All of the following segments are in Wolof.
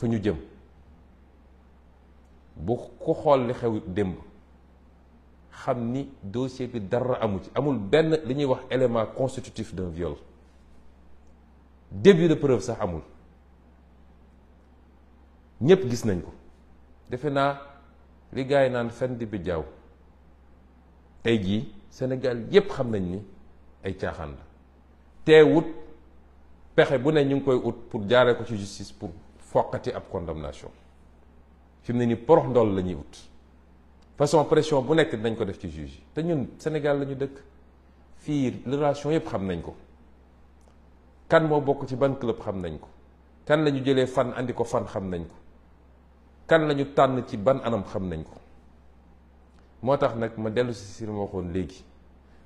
fa ñu jëm bu ku xool li xew démb xam ni dossier bi dara amu ci amul benn li ñuy wax élément constitutif de viol début de preuve sax amul ñépp gis nañ ko defe naa li gars yi naan fen di bi jaaw tey jii Sénégal yépp xam nañ ni ay caaxaan la teewut pexe bu ne ñu ngi koy ut pour jaaree ko ci justice pour foqati ab condamnation fi mu ne nii porox ndool la ñuy wut façon pression bu nekk dinañ ko def ci juge te ñun Sénégal la ñu dëkk fii relation yëpp xam nañ ko kan moo bokk ci ban club xam nañ ko kan la ñu jëlee fan indi ko fan xam nañ ko kan la ñu tànn ci ban anam xam nañ ko moo tax nag ma dellu si si ma waxoon léegi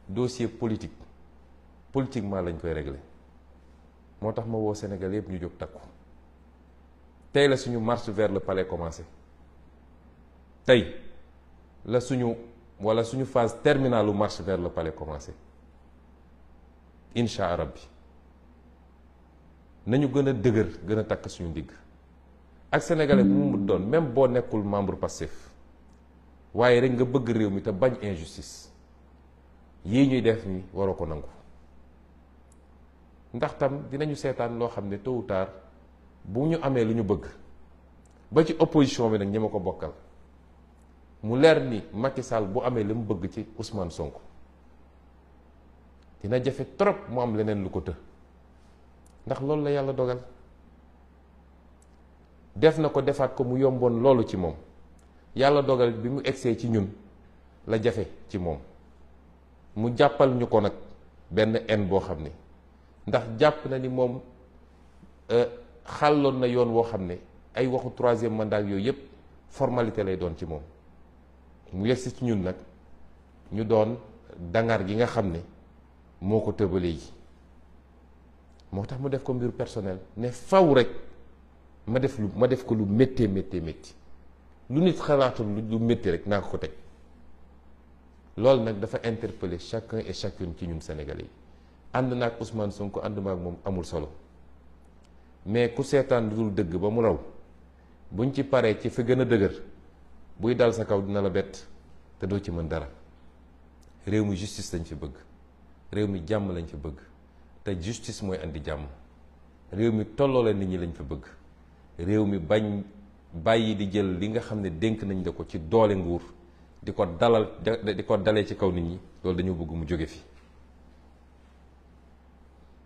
dossier politique politiquement lañ koy régler moo tax ma woo Sénégal yëpp ñu jóg takku tay la suñu marche vers le palais commencé tay la suñu wala suñu phase terminale marche vers le palais commencé incha rabbi nañu gëna a dëgër gën a suñu ndigg ak sénégalais bu mu doon même bo nekul membre passif waye rek nga bëgg réew mi ta bañ injustice yi ñuy def ni waroko ko nangu ndax tam dinañu sétane lo xamné ne tôt ou tard bu ñu amee lu ñu bëgg ba ci opposition bi nag ñi ma ko bokkal mu leer ni Macky Sall bu amee li mu bëgg ci Ousmane Sonko dina jafe torop mu am leneen lu ko të ndax loolu la yàlla dogal def na ko defaat ko mu yomboon loolu ci moom yàlla dogal bi mu egsee ci ñun la jafe ci moom mu jàppal ñu ko nag benn en boo xam ni ndax jàpp na ni moom. Euh, xalon na yoon woo xam ne ay waxu troisième mandat yooyu yëpp formalité lay doon ci moom mu yegsi ci ñun nag ñu doon dangar gi nga xam ne moo ko tëbalee ji moo tax mu def ko mbir personnel ne faw rek ma def lu ma def ko lu méttee méttee métti lu nit xalaatul lu métti rek naa ko teg loolu nag dafa interpeller chacun et chacune ci ñun sénégalais yi ànd naag Ousmane Sonko ànd maag moom amul solo. mais ku seetaan lu dul dëgg ba mu raw buñ ci paree ci fi gën a dëgër buy dal sa kaw dina la bett te doo ci mën dara réew mi justice lañ fi bëgg réew mi jàmm lañ fi bëgg te justice mooy indi jàmm réew mi tolloole nit ñi lañ fi bëgg réew mi bañ bàyyi di jël li nga xam ne dénk nañ la ko ci doole nguur di ko dalal di ko dalee ci kaw nit ñi loolu dañoo bëgg mu jóge fi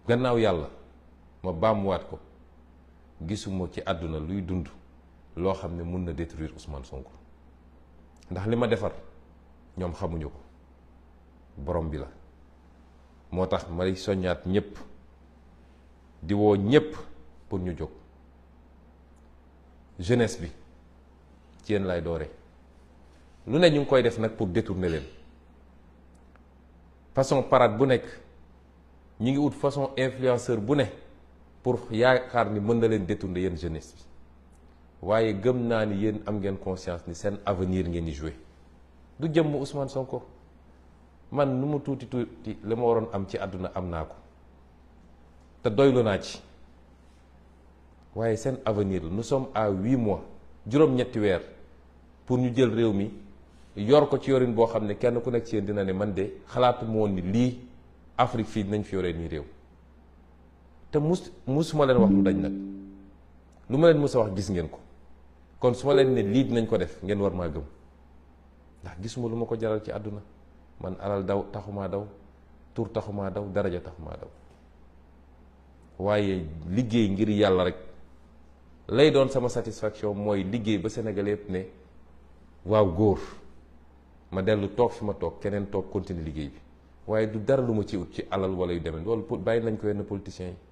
gannaaw yàlla ma baamuwaat ko gisuma ci aduna luy dund lo xamne mën na détruire Ousmane Sonko ndax lima défar ñom xamuñu ko borom bi la motax tax may soññaat ñëpp di wo ñëpp pour ñu jóg jeunesse bi ci yéen lay doore lu ne ñu ngi koy def nak pour détourner leen façon parade bu nek ñi ngi out façon influenceur bu nek pour que ni mën na leen détourner jeunesse bi waaye gëm naa ni am ngeen conscience ni seen avenir ngeen joué du Ousmane Sonko man nu mu tuuti tuuti li ma am ci àdduna am ko te avenir nous sommes à 8 mois juróom-ñetti pour ñu jël yor ko ci kenn ku de ni Afrique fi te mus musuma leen wax lu dañ nag lu ma leen mus wax gis ngeen ko kon su ma leen ne lii dinañ ko def ngeen war maa gëm ndax gisuma lu ma ko jaral ci àdduna man alal daw taxumaa daw tur taxumaa daw daraja taxumaa daw waaye liggéey ngir yàlla rek lay doon sama satisfaction mooy liggéey ba Sénégal yëpp ne waaw góor ma dellu toog fi ma toog keneen toog continuer liggéey bi waaye du dara lu ma ci ut ci alal wala yu demee loolu bàyyi nañ ko yenn politiciens yi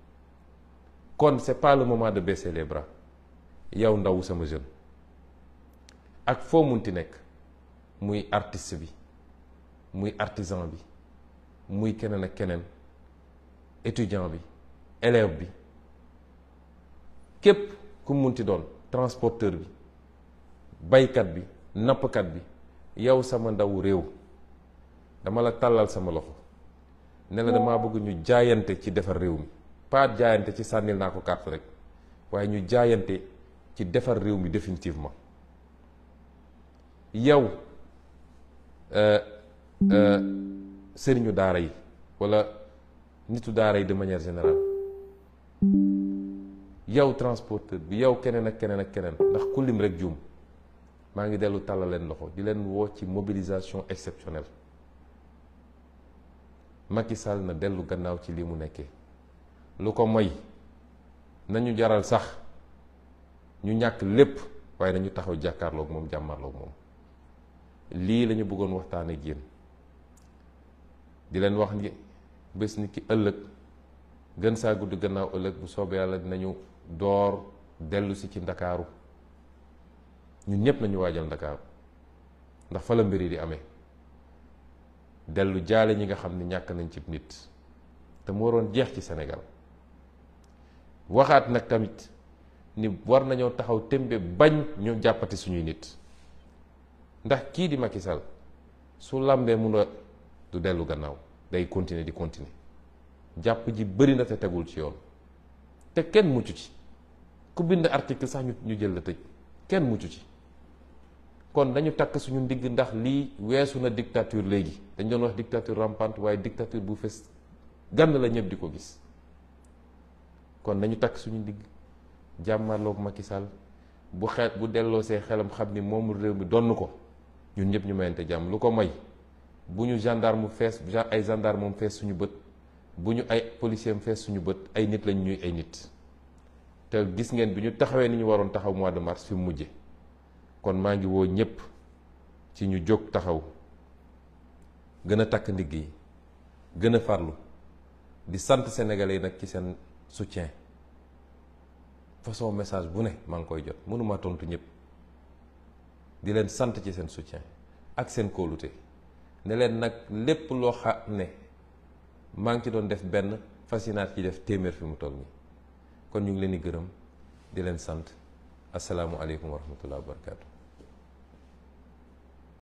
kon c'est pas le moment de baisser les bras Yaw ndaw sama jeune ak fo munti nek muy artiste bi muy artisan bi muy kenen ak kenen étudiant bi élève bi kep ku munti don transporteur bi baykat bi napkat bi yaw sama ndaw rew dama la talal sama loxo ne la dama bëgg ñu jaayante ci defar rew mi pas jaayante ci sànnil naa ko carte rek waaye ñu jaayante ci defar réew mi définitivement yow euh, euh, sëriñu daara yi walla nitu daara yi de manière générale yow transporteur bi yow keneen ak keneen ak keneen ndax ku rek juum maa ngi dellu tàllal leen loxo di leen woo ci mobilisation exceptionnelle Macky Sall na dellu gannaaw ci lii mu nekkee lu ko moy nañu jaral sax ñu ñak lepp waye nañu taxaw jàkkaarloog moom jàmmarloog mom li lañu bëggoon waxtaan ak yeen di leen wax ni bes ni ki ëlëk gën sa gudd gënaaw ëlëk bu soobee yalla dinañu door delu ci ci dakaru ñun ñëpp nañu waajal dakar ndax fa la mbiri di amé delu jaale ñi nga xamni ñak nañ ci nit te mo jeex ci Sénégal waxat nak tamit ni war nañu taxaw tembe bañ ñu jappati suñu nit ndax ki di Macky Sall su lambe mu a du delu gannaaw day continuer di continuer Japuji ji bëri na te tegul ci yoon te kenn muccu ci ku bind article sax ñu jël la tej kenn muccu ci kon dañu tak suñu ndig ndax li wessu na dictature legi dañ doon wax dictature rampante waye dictature bu fess gann la ñepp diko gis kon nañu tak suñu jamarlo jàmmarloog Macky Sall bu xet bu delloo see xelam xamni ni rew mi donn ko ñun ñep ñu mayante jam lu ko may buñu gendarme fess fees ay gendarme moom fees suñu bët buñu ay policier am fees suñu bët ay nit lañ ñuy ay nit te gis ngeen biñu taxawé ni ñu waron taxaw mois de mars fi mujjé kon ma ngi wo ñep ci ñu jog taxaw gëna tak takk ndigg farlu di sante sénégalais nak ci sen soutien façon message bu ne mang koy jot mënuma tontu ñep di len sante ci sen soutien ak seen kóolute ne len nak lepp lo xamné mang ci doon def temer fascinat ci def téeméer fi mu togn kon ñu ngi di di sant asalaamualeykum wa rahmatullahi wa barakatuh